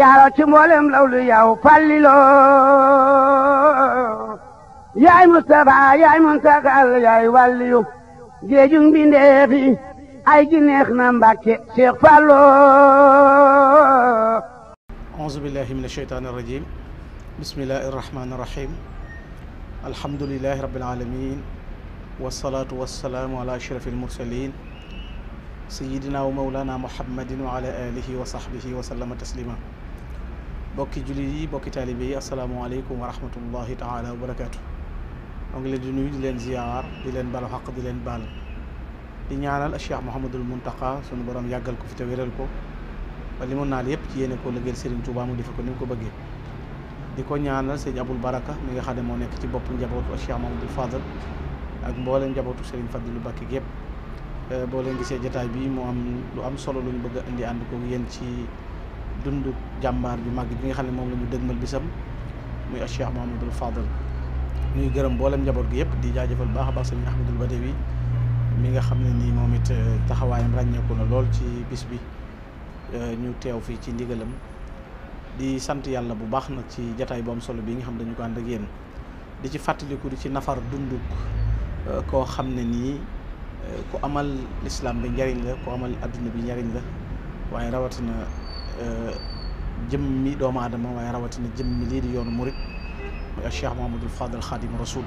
يا راتي مولم لولي يا فاللو يا مصطفى يا منتقى يا واليو جيجون بن ديفي اي جنخنا مباكي شيخ فاللو اعوذ بالله من الشيطان الرجيم بسم الله الرحمن الرحيم الحمد لله رب العالمين والصلاه والسلام على اشرف المرسلين سيدنا ومولانا محمد وعلى آله وصحبه وسلم تسليما بوكي جولي بوكي طالبي السلام عليكم ورحمه الله تعالى وبركاته نغي لي نوي دي لين زيار دي لين بال حق دي لين بال دي نيانال الشيخ محمد المنتقى سونو بروم ياغال كو في تويرال كو ولي مون نال ييب تي ينيكو لغيل سيرن توبا مو ديفكو نيم كو بغي ديكو نيانال سيدي ابو البركه ميغي خادمو نيك تي بوب نجابوت الشيخ محمد الفاضل اك مبولم نجابوت سيرن فضل الباكي جيب Euh, boo leen gisee jotaay bi mu am lu am solo lu ñu bëgg indi ànd ko yéen ci dundu jàmbaar ju màgg bi nga xam ne moom la ñu dëgmal bisam muy Cheikh Mouhamadul Fadal muy gërëm mboolem njaboot gi yëpp di jaajëfal baax a baax sëñ Ahmadul wi mi nga xam ne nii moom it euh, taxawaayam ràññeeku na lool ci bis bi euh, ñu teew fii ci ndigalam di sant yàlla bu baax na ci jataay bu am solo bii nga xam dañu ko ànd ak yéen di ci fàttaliku di ci nafar dunduk koo xam ne nii ku amal lislaam bi njariñ la ku amal aduna bi njariñ la waye rawatina jëmmi doom aadama waye rawatina jëmmi li di yoon mourid moy ak Cheikh al Fadal khadim rasoul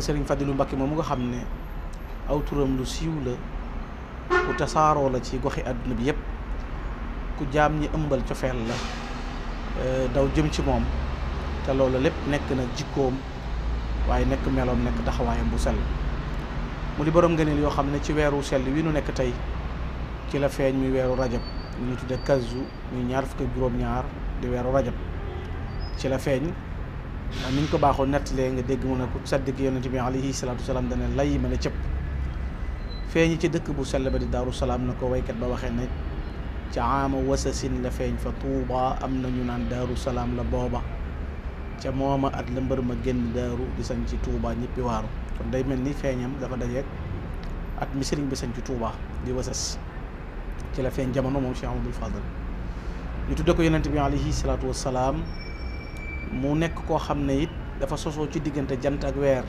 Serigne fadilou mbake mom nga xamne aw turam lu siiw la ku tasaro la ci goxi aduna bi yeb ku jam ñi ëmbal ci cofeel la daw jëm ci mom te loolu lépp nek na jikkoom waye nek melom nek taxawayam bu sel mu borom ngeenel yo xamne ci wéru sel wi nu nek tay ci la feñ mi wéru rajab ñu tudde kazu muy ñaar fukk juróom-ñaar di wéru rajab ci la feñ niñ ko net le nga dégg mu nak ku saddik yonente bi alayhi salatu salaam dana lay mën a feñ ci dëkk bu sel ba di daru salam nako way kat ba waxe ne ci aama wasasin la feñ fa tuba amna ñu naan daru salam la boba ca moma at la mbër ma genn daaru di sañ ci Touba ñepi waru kon day melni ni dafa dajeeg at mi sëriñ bi sañ ci Touba di wasas ci la feñ jamono moom Cheikh Amadou Fadal ñu tudde ko yenenbi alihi salatu wassalam mu nekk ko xamne dafa soso ci jant ak wër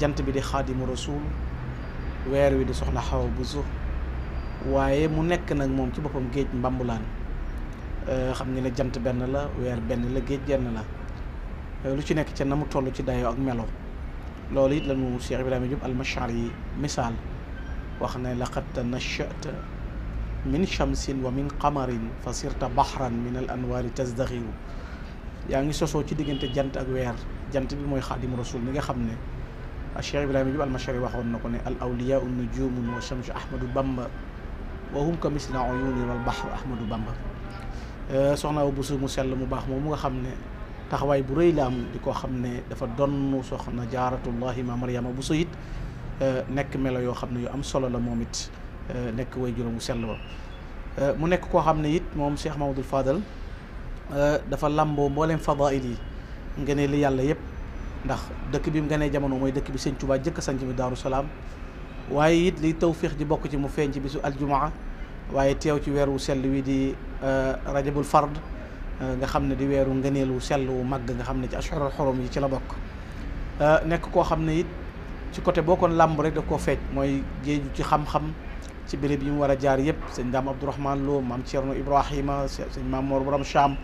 jant bi di khadim rasul wër wi di soxna xawa bu zu waaye mu nekk nak mom ci bopam geej mbambulan xam eh, nga ne jant ben la weer ben la geej la lu ci nekk ca na mu toll ci dayoo ak melo loolu it lañu Cheikh Ibrahima Diop almachar yi misaal wax ne laqad tanashata min shamsin wa min qamarin fa sirta bahran min al anwaari tazdaxiru yaa ngi sosoo ci diggante jant ak weer jant bi mooy xaadim rasul mi nga xam ne Cheikh Ibrahima Diop almachari waxoon na ko ne al awliyaau nujumun wa shamsu ahmadu bamba wa hum ka misla uyuni wal bahru ahmadu bamba soxna bu su mu sell mu baax moom mu nga xam ne taxaway bu reey la am diko xamne dafa donu soxna jaaratullahi ma maryam bu sayyid nek melo yo xamne yu am solo la momit nek nekk way juróomu sell ba mu nek ko xamne yit mom Cheikh Mamadou Fadal dafa lambo mbolem fadaili ngene li yàlla yeb ndax dëkk bi ngene jamono moy dëkk bi seigne touba jëkk sanji mi daru salam waye yit li tawfiq ji bok ci mu fenc ci bisu aljumaa waye tew ci weru sel wi di rajabul fard nga xamne di wéru ngeenelu wu sell wu màgg nga xamne ci ashurul xorom yi ci la bok nekk koo xam ne it ci côté bokon làmb rek da ko fecc moy geejju ci xam-xam ci béréb yi mu wara jaar yëpp sëñ daam abdourahman lo mam Thierno ibrahima sëñ mam mor borom sham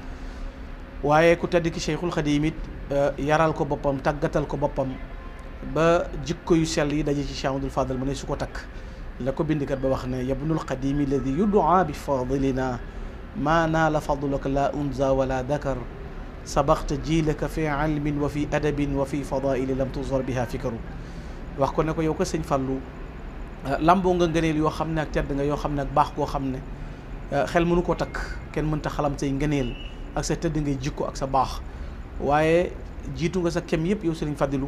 waye ku tedd ki cheikhul xadim it yaral ko bopam tagatal ko bopam ba jikko yu sel yi daje ci Cheikh Amadou Fadal mané suko tak ko takk la ko bindkat ba wax ne yabnul xadimi alladi yud'a bi fadlina ما نال فضلك لا أنزى ولا ذكر سبقت جيلك في علم وفي أدب وفي فضائل لم تظهر بها فكر wax ko ne ko yow ko sëñ Fallou lamboo nga ngëneel yoo xam ne ak tedd nga yoo xam ne ak baax koo xam ne xel mënu ko takk kenn mënta xalam say ngëneel ak sa tëdd ngay jikko ak sa baax waaye jiitu nga sa kem yëpp yow sëriñ Fadilu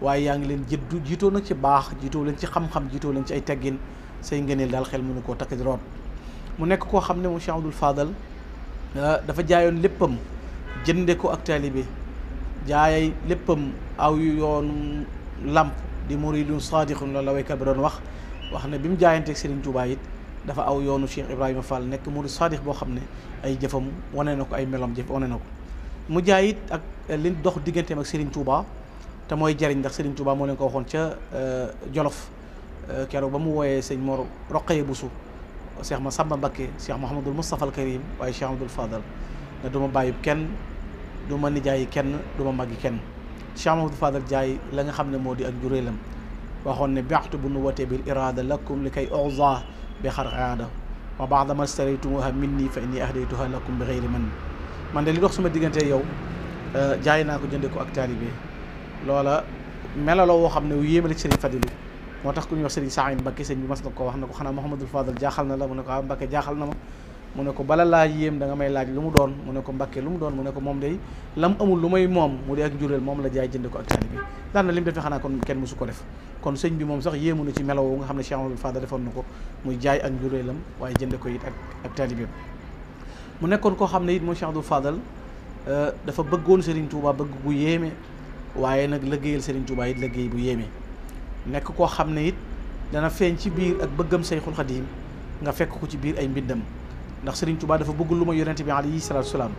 waaye yaa ngi leen jëddu jiitoo nag ci baax jiitoo leen ci xam-xam jiitoo leen ci ay teggin say ngëneel daal xel mënu koo takk di root mu nek ko xamne mo Cheikh Abdoul Fadal dafa jaayon léppam jënde ko ak talibé jaayay léppam aw yoonu làmp di muridun sadiqun la way kabron wax wax bim jaayante mu Serigne Touba yit dafa aw yoonu Cheikh Ibrahima Fall nek murid sadiq bo xamne ay jëfam wonenako ay melom jëf wonenako mu jaay it ak li dox digganteem ak Serigne Touba ta moy jariñ ndax Serigne Touba mo len ko waxon ca Jolof kéro ba mu woyé serigne Mor roqay busu Cheikh Massamba Mbacké Cheikh Mouhamadul Moustapha al Karim waaye Cheikh Amadou Fadal ne du ma bàyyi kenn du ma nijaayi kenn du ma màggi kenn Cheikh Amadou Fadal jaay la nga xam ne ak juréelam waxoon ne biaxtu bu nu bil irada lakum li kay oza bi xar aada wa baada ma staraytumuha minni fa inni ahdaytuha lakum bi xeyri man man de li dox suma diggante yow jaay naa ko jënde ko ak taalibe loola mela la woo xam ne ci Sëriñ Fadilu moo tax ku ñuy wax sëriñ Saïd Mbacké sëñ bi mas na ko wax na ko xanaa Mouhamadul Fadal jaaxal na la mu ne ko ah Mbacké jaaxal na ma mu ne ko bala laaj yéem da nga may laaj lu mu doon mu ne ko Mbacké lu mu doon mu ne ko moom day lam amul lu may moom mu di ak njureel moom la jaay jënd ko ak sali bi daan na li mu defee xanaa kon kenn mosu ko def kon sëñ bi moom sax yéemu na ci meloo nga xam ne Cheikh Mouhamadul Fadal defoon na ko muy jaay ak njureelam waaye jënd ko it ak ak taalibeem mu nekkoon koo xam ne it moom Cheikh Abdoul Fadal dafa bëggoon Serigne Touba bëgg bu yéeme waaye nag liggéeyal Serigne Touba it liggéey bu yéeme nek ko xamne it dana feñ ci bir ak bëggam sayxul khadim nga fekk ko ci bir ay mbindam ndax Serigne Touba dafa bëgg lu ma yonente bi alayhi salaatu salaam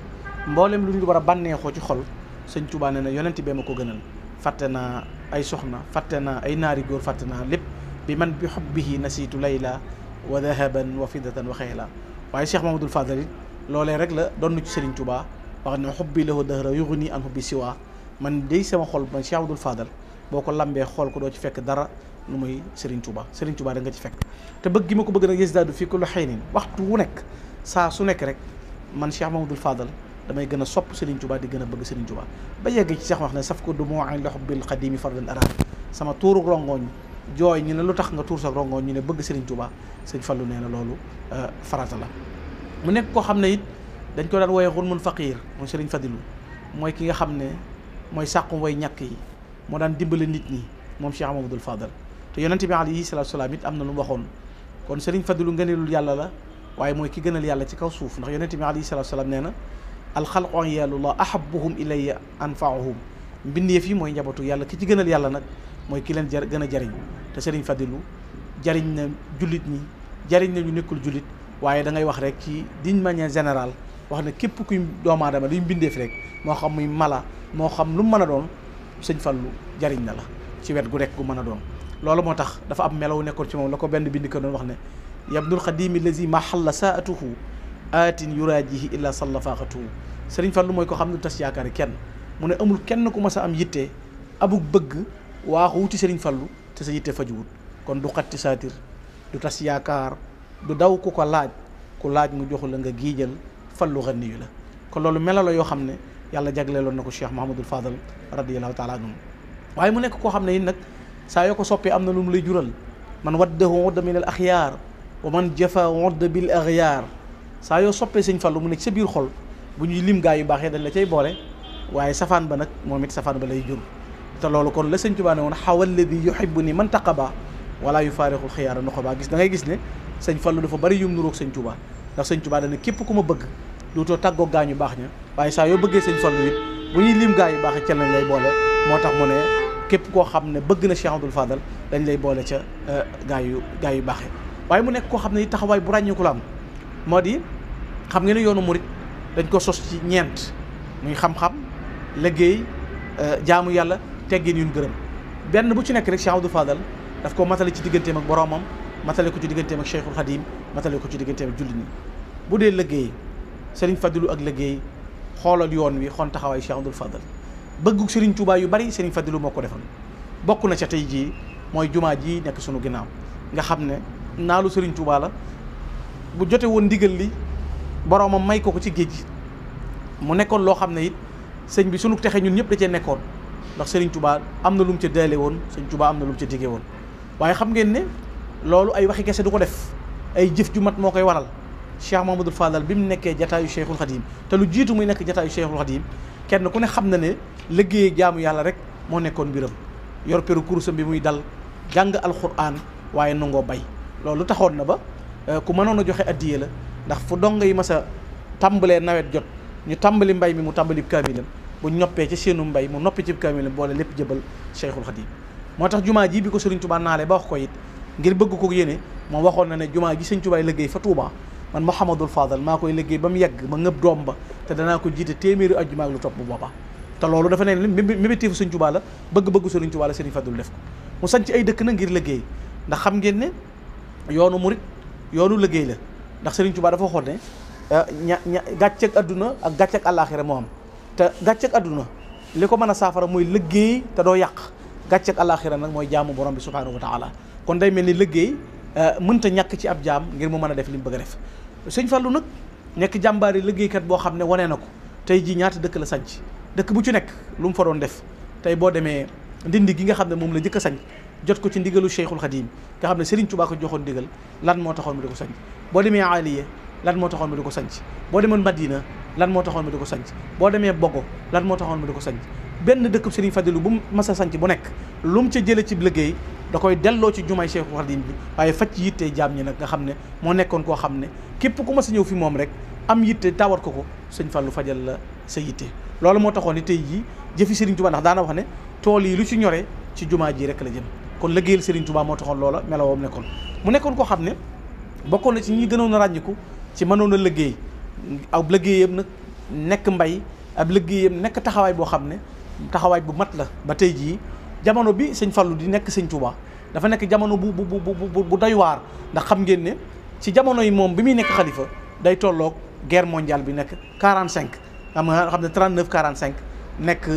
mboolem lu ñu wara a xoo ci xol serigne Touba nee na yonente bee ma gënal fatena ay soxna fatena ay naari góor fatena lépp bi man bi xubbihi nasitu layla wa dhahaban wa fidatan wa khayla way Cheikh Mamadou fadali lolé rek la don ci Serigne Touba wax na hubbi lahu dahra yughni an xubbi siwa man dey sama xol man Cheikh Mamadou Fadal boo ko lambee xool ko doo ci fekk dara lu muy Serigne Touba Serigne Touba da nga ci fekk te bëgg gi ma ko bëgg nag yasidaadu fii ku lu xëy nin waxtu wu nekk saa su nekk rek man moom Cheikh Mamadou Fadal damay gën a sopp Serigne Touba di gën a bëgg Serigne Touba ba yegg ci Cheikh wax ne saf ko du moo añ loxobil xadimi fardan arab sama tuurug rongoñ jooy ñu ne lu tax nga tuur sa rongoñ ñu ne bëgg Serigne Touba sëñ Fallou nee na loolu euh, farata la mu nekk koo xam ne it dañ ko daan wooye xun mun faqir mooy Serigne Fadilou mooy ki nga xam ne mooy sàqum woy ñakk yi moo daan dimbale nit ñi mom Cheikh amadou al Fadal te yonnati bi alayhi salaatu salaam it amna lu waxon kon Serigne fadlu ngeenelul yàlla la waye moy ki gënal yàlla ci kaw suuf ndax yonnati bi alayhi salaatu neena al khalqu alxalqu yalullah ahabuhum ilayya anfa'uhum mbindeef yi moy njabatu yàlla ki ci gënal yàlla nak moy ki leen jar gën a jariñ te Serigne fadlu jariñ na julit ñi jariñ na ñu nekkul julit waye da ngay wax rek ci diñ mañe general wax na kep kuy doomu aadama luy mbindeef rek mo xam muy mala mo xam lu mëna doon sëñ Fallou jariñ na la ci wet gu rek gu mën a doon loolu moo tax dafa am melow nekkoon ci moom la ko benn bind ko doon wax ne yabnul xadimi lazi ma xalla saatuhu aatin yuraajihi illa salla faaxatuhu sëriñ Fallou mooy ko xam ne tas yaakaari kenn mu ne amul kenn ku mas a am yitte abug bëgg waaxu wuti sëriñ Fallou te sa yitte fajuwut kon du xat saatir du tas yaakaar du daw ku ko laaj ku laaj mu joxu la nga giijal Fallou xanni yu la kon loolu mela yoo xam ne yàlla jagleeloon na Cheikh Mahamadul Fadal radiyallahu taala anhu waaye mu nekk koo xam ne yéen nag saa yoo ko soppee am na lay jural man waddahu wadda min al axyaar wa man jafa wadda bil axyaar saa yoo soppee sëñ Fallu mu nekk sa biir xol bu ñuy lim gaa yu baaxee dañ la cay boole waaye safaan ba nag moom it safaan ba lay jur te loolu kon la sëñ Tuubaa ne woon xawal la di man taqaba wala yu faarixul xiyaara gis da ngay gis ne sëñ Fallu dafa bari yum nuroog sëñ Tuubaa ndax sëñ Tuubaa dana képp ku ma bëgg dootoo tàggoo gaa ñu baax ña waaye saa yoo bëggee sëñ Fallu it bu ñuy lim gaa yu baax ca lañ lay boole moo tax mu ne képp koo xam ne bëgg na Cheikh Abdoul Fadal dañ lay boole ca euh, gaa yu gaa yu baaxee waaye mu nekk koo xam ne taxawaay bu ràññeeku la am moo di xam ne yoonu murit dañ ko sos ci ñeent muy xam-xam euh, jaamu yàlla teggin yu gërëm benn bu ci nekk rek Cheikh Abdoul Fadal daf ko matale ci digganteem ak boromam matale ko ci digganteem ak Cheikhul Khadim matale ko ci digganteem ak jullit ñi bu dee liggéey serigne Fadilou ak liggey xolal yoon wi xon taxaway Cheikh Abdoul Fadal bëggug serigne Touba yu bari serigne Fadilou moko defal bokku na ci tay ji moy juma ji nek sunu ginaaw nga xamne nalu serigne Touba la bu jotté won ndigal li boroma may ko ko ci geejji mu nekkon lo xamne it serigne bi sunu texe ñun ñep da ci nekkon ndax serigne Touba amna lu mu ci deele won serigne Touba amna lu mu ci digge won waye xam ngeen ne lolu ay waxi kese duko def ay jëf ju mat mo koy waral Cheikh Mamadou Fadal bi mu nekkee jataayu Cheikhul Khadim te lu jiitu muy nekk jataayu Cheikhul Khadim kenn ku ne xam na ne liggéey jaamu yàlla rek moo nekkoon biram yor peru kurusam bi muy dal jàng alquran waaye nangoo bay loolu taxoon na ba eh, ku mënoon a joxe addiye la ndax fu dong yi mas a tàmbalee nawet jot ñu tàmbali mbay mi mu tàmbali kaamilam bu ñoppee ca seenu mbay mu noppi ci kaamilam boole lépp jëbal Cheikhul Khadim moo tax jumaa ji bi ko Serigne Touba naale ba wax ko ngir bëgg ko yéene moom waxoon na ne jumaa ji Serigne Touba liggéey fa Touba man Mouhamadul Fadal maa koy liggéey ba mu yegg ma ngëb doom ba te danaa ko jiite téeméeri ajjuma ak lu topp bu booba te loolu dafa ne mébétiifu Sëriñ Tuubaa la bëgg-bëggu Sëriñ Tuubaa la Sëriñ Fadul def ko mu sanc ay dëkk na ngir liggéey ndax xam ngeen ne yoonu murit yoonu liggéey la ndax Sëriñ Tuubaa dafa waxoon ne ah, ña ña gàcceeg adduna ak gàcceeg àllaaxira moo am te gàcceeg adduna li ko mën a saafara mooy liggéey te doo yàq gàcceeg àllaaxira nag mooy jaamu borom bi subhaanahu wa taala kon day mel ni liggéey ah, mënta ñàkk ci ab jaam ngir mu mën a def li mu bëgg a def sëñ Fallou nag nekk jàmbaari liggéeykat boo xam ne wane na ko tey jii ñaata dëkk la sanc dëkk bu ci nekk lu mu fa doon def tey boo demee ndindi gi nga xam ne moom la jëkk a jot ko ci ndigalu Cheikhul Khadim nga xam ne Serigne Touba ko joxoon ndigal lan moo taxoon mu di ko sanc boo demee Aliya lan moo taxoon mu di ko sanc boo demoon Madina lan moo taxoon mu di ko sanc boo demee Bogo lan moo taxoon mu di ko sanc benn dëkk Serigne Fadilu bu mu mas a sanc bu nekk lu mu ca jëlee ci liggéey da koy delloo ci jumaay Cheikh Khadim bi waaye faj ci yittee jaam ñi nag nga xam ne moo nekkoon koo xam ne képp ku ma sa ñëw fi moom rek am yitte tawat ko ko sëñ Fallou fajal la sa yitte loolu moo taxoon ni tey jii jëfi Serigne Touba ndax daana wax ne tool yi lu ci ñoree ci jumaa ji rek la jëm kon liggéeyal Serigne Touba moo taxoon loola melawoom nekkoon mu nekkoon koo xam ne bokkoon na ci ñi gënoon a ràññiku ci mënoon a liggéey aw nag nekk mbay ab liggéeyam nekk taxawaay boo xam ne taxawaay bu mat la ba tey jii jamono bi seigne Fallou di nek seigne Touba dafa nek jamono bu bu bu bu bu doy war ndax xam ngeen ne ci jamono yi mom bi mi nek khalifa day tolok guerre mondiale bi nek 45 xam nga xam ne 39 45 nekk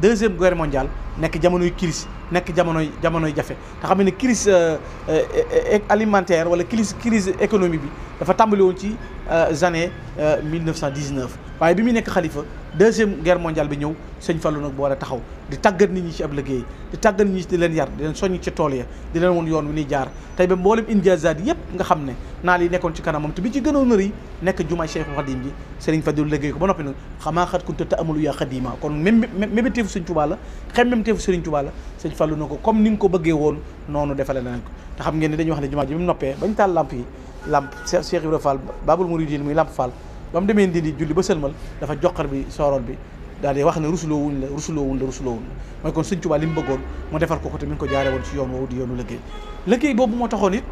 deuxième guerre mondiale nekk jamonoy crise nekk jamonoy jamonoy jafé nga xam ni crise euh, alimentaire wala crise crise économique bi dafa tambali won ci euh, années 1919 euh, waaye bi muy nekk xalifa deuxième guerre mondiale bi ñëw sëñ Fallou nag boole taxaw di tàggat nit ñi ci ab liggéey di tàggat nit ñi di leen yar di leen soññ ci tool ya di leen woon yoon wi ni jaar tey ba mboolem indiazaat yëpp nga xam ne naal yi nekkoon ci kanamam te bi ci gënoo a rëy nekk jumaay Cheikhul Khadim ji Serigne Fallou liggéey ko ba noppi nag xamaa xat kunta ta amalu yaa xadima kon même même teefu Serigne Touba la xem même teefu Serigne Touba la sëñ Fallou na ko comme ni nga ko bëggee woon noonu defale nañ xam ngeen ne dañuy wax ne jumaa ji mu noppee bañ taal lamp yi lamp Cheikh Ibrahima Fall Babul Mouridine muy lamp Fall bam demé demee Ndindi julli ba sëlmal dafa jokkar bi sorol bi dal di wax ni rusulo wuñ la rusuloo wuñ la rusuloo wuñ la kon seigne touba lim beggol mo defar ko ko te mi ko jaare won ci yoon woowu di yoonu liggéey liggéey boobu moo taxoon it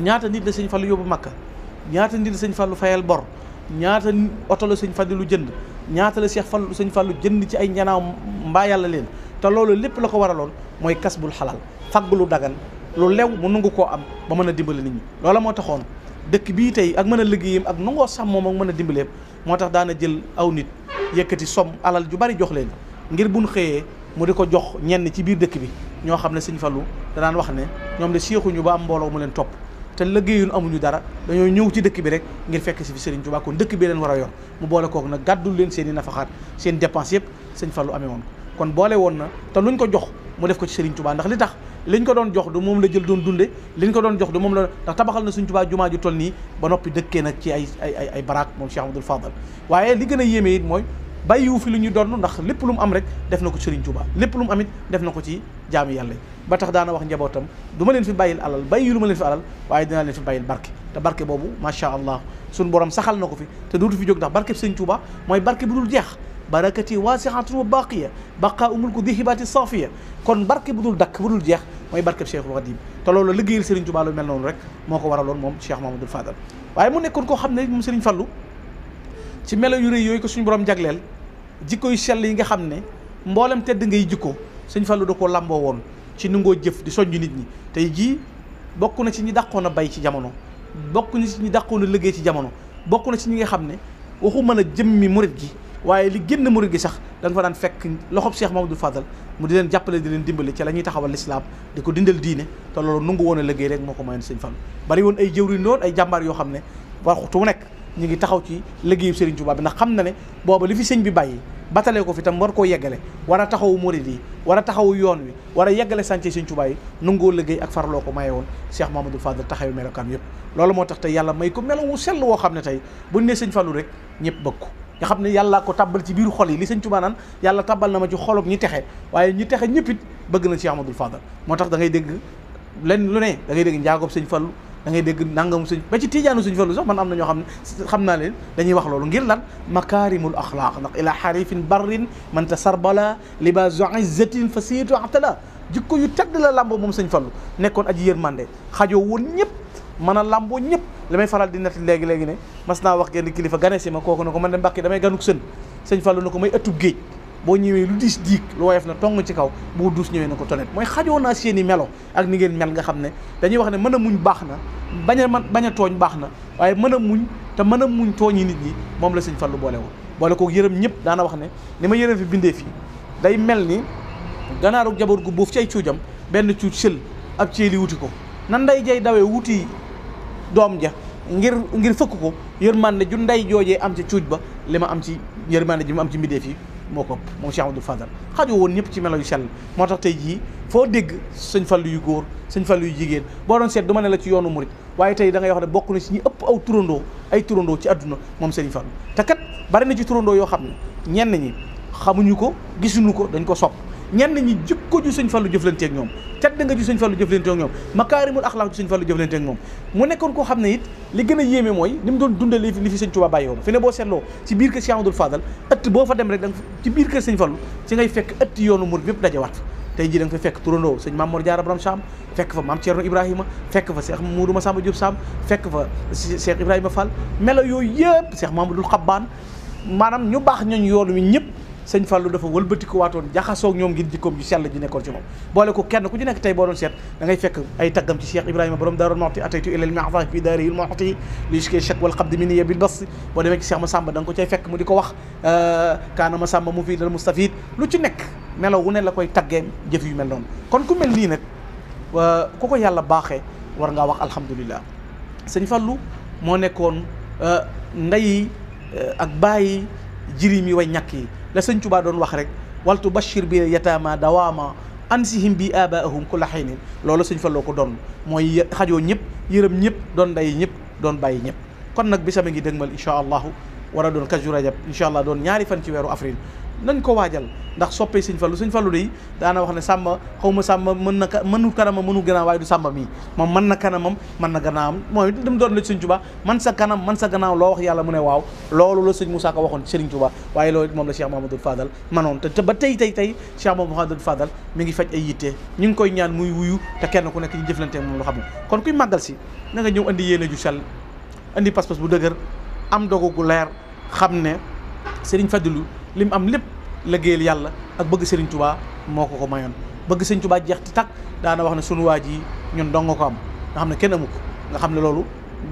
ñaata nit la seigne Fallu yobu Makka ñaata nit la seigne Fallu fayal bor ñaata auto la seigne Fallu jënd ñaata la cheikh Fallu seigne Fallu jënd ci ay ñanaaw mba yàlla leen te loolu lépp la ko waraloon mooy kas bul xalaal dagan lu lew mu nungu ko am ba meuna a dimbali nit ñi loola mo taxone dëkk bii tey ak mën a liggéeyam ak nangoo sax moom ak mën a dimbaleem moo tax daana jël aw nit yëkkati somm alal ju bari jox leen ngir buñ xëyee mu di ko jox ñenn ci biir dëkk bi ñoo xam ne sëñ Fallu danaan wax ne ñoom de séexuñu ba am mbooloo mu leen topp te liggéeyuñu amuñu dara dañoo ñëw ci dëkk bi rek ngir fekk si fi Sëriñ Tuubaa kon dëkk bi leen war a yor mu boole kook nag gàddul leen seen nafaxaat seen dépense yëpp sëñ Fallu amee woon kon boole woon na te luñ ko jox mu def ko ci Sëriñ ndax li tax liñ ko doon jox du moom la jël doon dunde liñ ko doon jox du moom la ndax tabaxal na suñ tubaa jumaa ju toll nii ba noppi dëkkee nag ci ay ay ay baraak moom Cheikh Abdoul Fadal waaye li gën a yéeme it mooy bàyyiwu fi lu ñu donn ndax lépp lu am rek def na ko Serigne Touba lépp lu mu amit def na ko ci jaami yàlla ba tax daana wax njabootam du ma leen fi bàyyil alal bàyyi lu ma leen fi alal waaye dinaa leen fi bàyyil barke te barke boobu macha allah suñ borom saxal na ko fi te dootu fi jóg ndax barke Serigne mooy barke bu dul jeex barakati waasiatun wa baaqiya baqaa umulku dihibaati saafiya kon barke bu dul dakk bu dul jeex mooy barkeb Cheikhul Khadim te loolu liggéeyal Serigne Touba lu mel noonu rek moo ko waraloon moom Cheikh Mamadou Fadal waaye mu nekkoon koo xam ne moom Serigne Fallou ci melo yu rëy yooyu ko suñu borom jagleel jikko yu sell yi nga xam ne mboolem tedd ngay jikko Serigne Fallou da koo lamboo woon ci nungoo jëf di soññ nit ñi tey jii bokk na ci ñi dàqoon a bay ci jamono bokk na ci ñi dàqoon a liggéey ci jamono bokk na ci ñi nga xam ne waxuma na jëmmi murit gi waaye li génn murid gi sax da nga fa daan fekk loxob Cheikh Mamadou Fadal mu di leen jàppale di leen dimbali ci la ñuy taxawal lislaam di ko dindal diine te loolu nungu woon a rek moo ko mayoon sëñ Fall bari woon ay jëwriñ lool yoo xam ne waxtu wu ñu ngi taxaw ci liggéeyu Serigne Touba bi ndax xam na ne li fi sëñ bi bàyyi batalee ko fi tam war koo yeggale war a taxawu murid yi war taxawu yoon wi war a yeggale sànce Serigne Touba yi nungoo liggéey ak ko maye woon Cheikh Mamadou Fadal taxawu melokaan yëpp loolu moo tax te yàlla may ko melo wu sell woo xam ne tey buñ ne sëñ falu rek ñëpp bëgg ko nga xam ne yàlla ko tabbal ci biir xol yi li sëñ Tuubaa naan yàlla tabbal na ma ci xolub ñi texe waaye ñi texe ñëpp it bëgg na Cheikh Ahmadou Fadal moo tax da ngay dégg lenn lu ne da ngay dégg njaagob sëñ Fallu da ngay dégg nangamu sëñ ba ci tiijaanu sëñ Fallu sax man am na ñoo xam ne xam naa leen dañuy wax loolu ngir lan makaarimul axlaaq ndax ila xarifin barrin man tasarbala libasu izzatin fa siitu atala jikko yu tedd la làmb moom sëñ Fallu nekkoon aji yërmande xajoo woon ñëpp mën a làmboo ñëpp li may faral di nett léegi léegi ne mas naa wax genn kilifa gane si ma kooku ne ko man de Mbàkke damay ganuk sën sëñ Fallou na ko may ëttub géej boo ñëwee lu diis diig lu woyof na tong ci kaw boo duus ñëwee na ko tonet mooy xajoo naa seeni melo ak ni ngeen mel nga xam ne dañuy wax ne mën a muñ baax na bañ a man bañ tooñ baax na waaye mën a muñ te mën a muñ tooñi nit ñi moom la sëñ Fallou boole woon boole ko yërëm ñëpp daana wax ne ni ma yërëm fi bindee fii day mel ni ganaaru jaboot gu boof ci ay cuujam benn cuuj sël ab ceeli wuti ko nan day jay dawee wuti doom ja ngir ngir fëkk ko yërmande ju ndey joojee am ci cuuj ba li ma am ci yërmande ji ma am ci mbindeef yi moo ko moom Cheikh Abdou Fadal xajoo woon ñëpp ci melo yu sell moo tax tey jii foo dégg sëñ fal yu góor sëñ fal yu jigéen boo doon seet du ma ne la ci yoonu murit waaye tey da wax ne bokk na si ñi ëpp aw turandoo ay turandoo ci àdduna moom sëñ Fallu te kat bari na ci turandoo yoo xam ne ñenn ñi xamuñu ko gisuñu ko dañ ko sopp ñenn ñi jikko ju sëñ Fallu jëflante ak ñoom tedd nga ju sëñ Fallu jëflante ak ñoom makaarimul axlaaq ju sëñ Fallu jëflante ak mu nekkoon koo xam ne it li gën a yéeme mooy ni mu doon dundal li fi sëñ Tuubaa bàyyi woon fi ne boo seetloo ci biir kër Cheikh Amadou Fadal ëtt boo fa dem rek da nga biir kër sëñ Fallu ci ngay fekk ëtt yoonu murid yëpp dajewaat tey jii da nga fekk turandoo sëñ Maam moo Jaara Borom Saam fekk fa Maam Ceerno Ibrahima fekk fa Cheikh Moudou Massamba Diop Saam fekk fa Cheikh Ibrahima Fall melo yooyu yëpp Cheikh Mamadou Xabbaan maanaam ñu baax ñooñ yoon ñëpp sëñ fàllu dafa wëlbatiku waatoon jaxasoog ñoom ngir jikkoom ju sell ji nekkoon ci moom boole ko kenn ku ci nekk tey boo doon seet da fekk ay taggam ci Cheikh Ibrahima borom daaroon moxti ataytu ilal mafa fi daarihil moxti liske chek wal xabdi ko cay fekk mu di ko wax euh, kaana Massamba lu ci nekk melaw wu ne la koy taggee jëf yu mel noonu kon ku mel nii nag ku ko yàlla baaxee war ngaa wax alhamdulilah sëñ Fallou moo nekkoon euh, nday euh, ak bàyyi jirim yi way ñàkk yi la sëñ Tuubaa doon wax rek waltu bashir bi yataama dawaama ansihim bi abaahum ku la xaynin loolu sëñ Fallou ko doon mooy xajoo ñëpp yërëm ñëpp doon day ñëpp doon bàyyi ñëpp kon nag bisama ngi dëgmal incha allahu war a doon kasu rajab incha allah doon ñaari fan ci weeru avril nañ ko wajal ndax soppé sëñ fallou sëñ fallou day na wax né sàmba xawma ma sàmba mën na mënu kanamam mënu gëna way du sàmba mi mom mën na kanamam mën na gannaawam moy dem doon la sëñ touba man sa kanam man sa lo wax yalla mu ne waw loolu la sëñ Moussa ko waxon sëriñ touba waye loolu mom la Cheikh mamadou Fadal manon te ba tay tay tay Cheikh mamadou Fadal mi ngi fajj ay yitte ñu ngi koy ñaan muy wuyu te kenn ku nekk ñu jëflanté mom lu xam kon kuy magal si na nga ñew andi yéne ju sel andi pas-pas bu dëgër am dogu gu leer xam ne lim am lepp liggéeyal yàlla ak bëgg Serigne tubaa moo ko ko mayoon bëgg Serigne tubaa jeex ti takk daana wax na sunu waa ji ñun dong ko am nga xam ne kenn amu ko nga xam ne loolu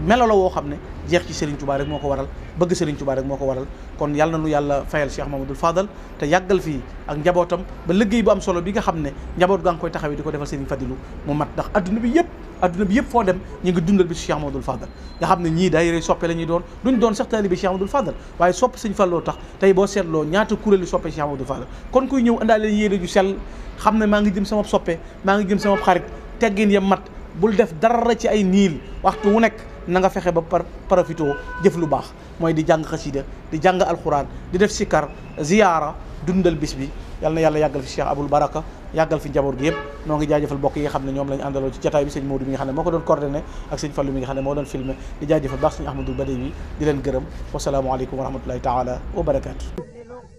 melo la woo xam ne jeex ci Serigne Touba rek moo ko waral bëgg Serigne Touba rek moo ko waral kon yàlla na nu yàlla fayal Cheikh Mamadou Fadal te yàggal fii ak njabootam ba liggéey bu am solo bi nga xam ne njaboot gaa ngi koy taxawee di ko defal Serigne Fadilou mu mat ndax adduna bi yëpp. adduna bi yëpp foo dem ñu ngi dundal bi Cheikh Amadou Fadal nga xam ne ñii daayira soppe la ñuy doon duñ doon sax taalibe Cheikh Amadou Fadal waaye sopp sëñ faloo tax tey boo seetloo ñaata kuréelu soppe Cheikh Amadou Fadal kon kuy ñëw andaale yéene ju sell xam ne maa ngi jëm sama soppe maa ngi jëm sama xarit teggin ya mat bul def dara ci ay niil waxtu wu nekk na nga fexe ba par profitoo jëf lu baax mooy di jàng xasida di jàng alxuraan di def sikar ziyaara dundal bis bi yal yàlla yàggal fi Cheikh Abul Baraka yagal fi njaboot gi yëpp noo ngi jaajëfal mbokk yi nga xam ne ñoom lañ àndaloon ci jataay bi sëñ Modou mi nga xam ne moo ko doon coordonné ak sëñ Fallou mi nga xam ne moo doon filmé di jaajëfal baax sëñ Ahmadou Badé bi di leen gërëm wasalaamu aleykum wa rahmatullahi taala wa barakaatu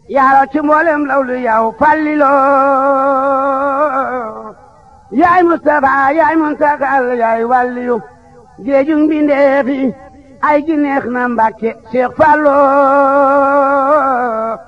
yaaro ci mboolem lawlu yow fallilo yaay Moustapha yaay Muntaxal yaay wàlliyu géeju mbindeef yi ay gi neex na Mbàkke Cheikh Fallou